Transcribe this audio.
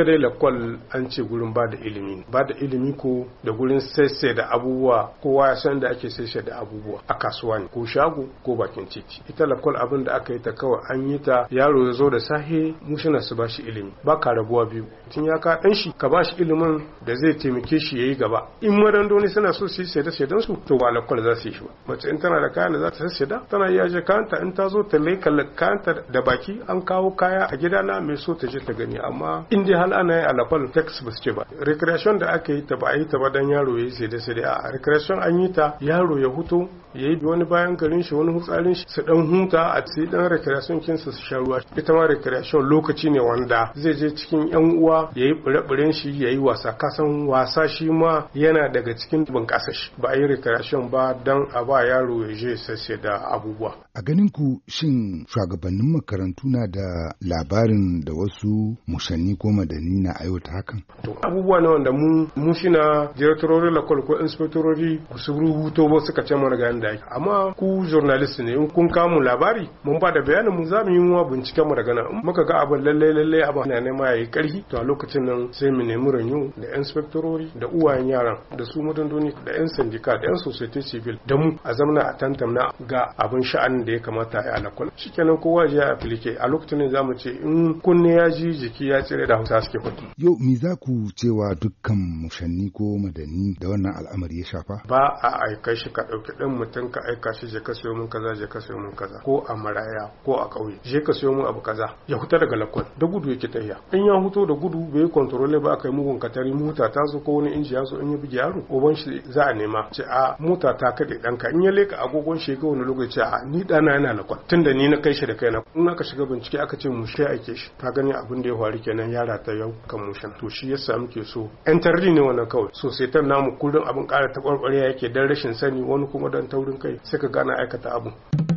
ita dai lakwal an ce gurin ba da ilimi ba da ilimi ko da gurin sese da abubuwa kowa ya san da ake sese da abubuwa a kasuwa ne ko shago ko bakin titi ita lakwal abin da aka yi ta kawai an yi ta yaro ya zo da sahe mushina su ba shi ilimi ba ka rabuwa biyu tun ya ka dan shi ka ba shi ilimin da zai taimake shi yi gaba in madandoni suna so su yi saida saidan su to ba lakwal za su yi shi ba mace in tana da kayan da za ta da tana iya je kanta in ta zo ta leka kanta da baki an kawo kaya a gidana mai so ta je ta gani amma in dai al'ana ya alafal tax ba su ce ba recreation da aka yi ta ba a yi ta ba dan yaro ya yi sai dai sai dai a recreation an yi ta yaro ya huto ya yi wani bayan garin shi wani hutsarin shi su dan huta a sai dan recreation kin su sha ruwa ita ma recreation lokaci ne wanda zai je cikin yan uwa ya yi bure-buren shi ya yi wasa kasan wasa shi ma yana daga cikin bunƙasa shi ba a yi recreation ba dan a ba yaro ya je sai da abubuwa a ganin ku shin shugabannin makarantu na da labarin da wasu musanni ko madani tunani na aiwata hakan to abubuwa na wanda mu mu shina directorori lakol ko inspectorori ku su rubuto ba suka ce mana ga da yake amma ku journalist ne in kun kamu labari mun ba da bayanin mu zamu yi wa binciken mu daga nan in muka ga abin lalle lalle abin na nema yayi karfi to a lokacin nan sai mu nemi ranyo da inspectorori da uwayen yaran da su madandoni da yan sandika da yan society civil da mu a zamana a tantamna ga abin sha'anin da ya kamata a yi alakon shikenan kowa ya aplike a lokacin ne zamu ce in kunne ya ji jiki ya tsire da hausa suke Yau me za ku cewa dukkan mushanni ko madani da wannan al'amari ya shafa? Ba a aika shi ka ɗauki dan mutum ka aika shi je ka siyo mun kaza je ka siyo mun kaza ko a maraya ko a ƙauye je ka siyo mun abu kaza ya huta daga lakon da gudu yake tafiya. In ya huto da gudu bai kontrole ba aka yi mugun katari mota ta zo ko wani inji ya zo in ya bugi yaro uban shi za a nema ce a mota ta kaɗe ɗanka in ya leka agogon shi ga wani lokaci a ni ɗana yana lakon tunda ni na kai shi da kaina in aka shiga bincike aka ce mu ake shi ta gani abin da ya faru kenan yara ta ta yau kamushin to shi yasa muke so yan ne wannan kawai so sai namu kullum abin ƙara kwarkwariya yake dan rashin sani wani kuma dan taurin kai sai ka gana aikata abu